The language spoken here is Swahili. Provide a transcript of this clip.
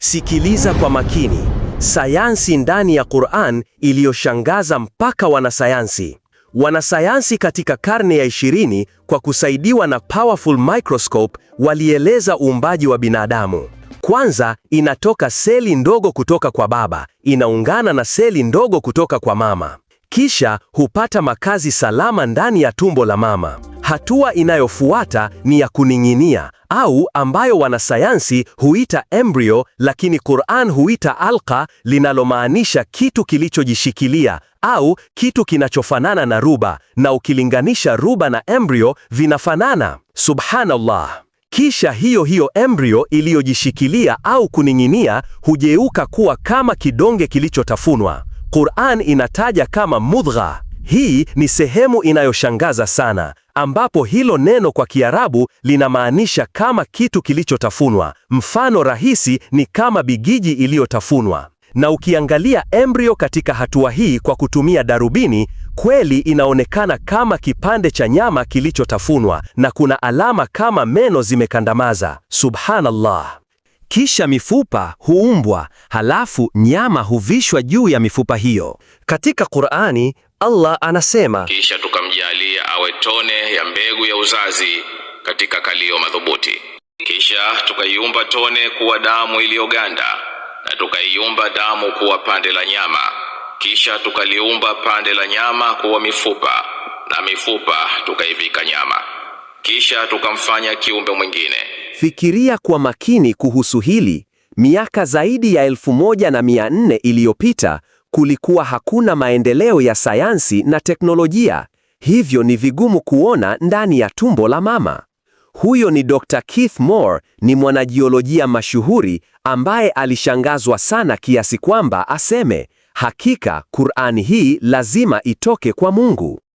Sikiliza kwa makini, sayansi ndani ya Qur'an iliyoshangaza mpaka wanasayansi. Wanasayansi katika karne ya 20 kwa kusaidiwa na powerful microscope walieleza uumbaji wa binadamu. Kwanza inatoka seli ndogo kutoka kwa baba, inaungana na seli ndogo kutoka kwa mama. Kisha hupata makazi salama ndani ya tumbo la mama. Hatua inayofuata ni ya kuning'inia au ambayo wanasayansi huita embryo, lakini Qur'an huita alqa, linalomaanisha kitu kilichojishikilia au kitu kinachofanana na ruba, na ukilinganisha ruba na embryo vinafanana. Subhanallah. Kisha hiyo hiyo embryo iliyojishikilia au kuning'inia hugeuka kuwa kama kidonge kilichotafunwa. Qur'an inataja kama mudgha. Hii ni sehemu inayoshangaza sana, ambapo hilo neno kwa Kiarabu linamaanisha kama kitu kilichotafunwa. Mfano rahisi ni kama bigiji iliyotafunwa. Na ukiangalia embryo katika hatua hii kwa kutumia darubini, kweli inaonekana kama kipande cha nyama kilichotafunwa na kuna alama kama meno zimekandamaza. Subhanallah. Kisha mifupa huumbwa, halafu nyama huvishwa juu ya mifupa hiyo. Katika Qur'ani Allah anasema, kisha tukamjalia awe tone ya mbegu ya uzazi katika kalio madhubuti, kisha tukaiumba tone kuwa damu iliyoganda, na tukaiumba damu kuwa pande la nyama, kisha tukaliumba pande la nyama kuwa mifupa, na mifupa tukaivika nyama, kisha tukamfanya kiumbe mwingine. Fikiria kwa makini kuhusu hili. Miaka zaidi ya elfu moja na mia nne iliyopita kulikuwa hakuna maendeleo ya sayansi na teknolojia, hivyo ni vigumu kuona ndani ya tumbo la mama. Huyo ni Dr. Keith Moore, ni mwanajiolojia mashuhuri ambaye alishangazwa sana kiasi kwamba aseme, hakika Qur'ani hii lazima itoke kwa Mungu.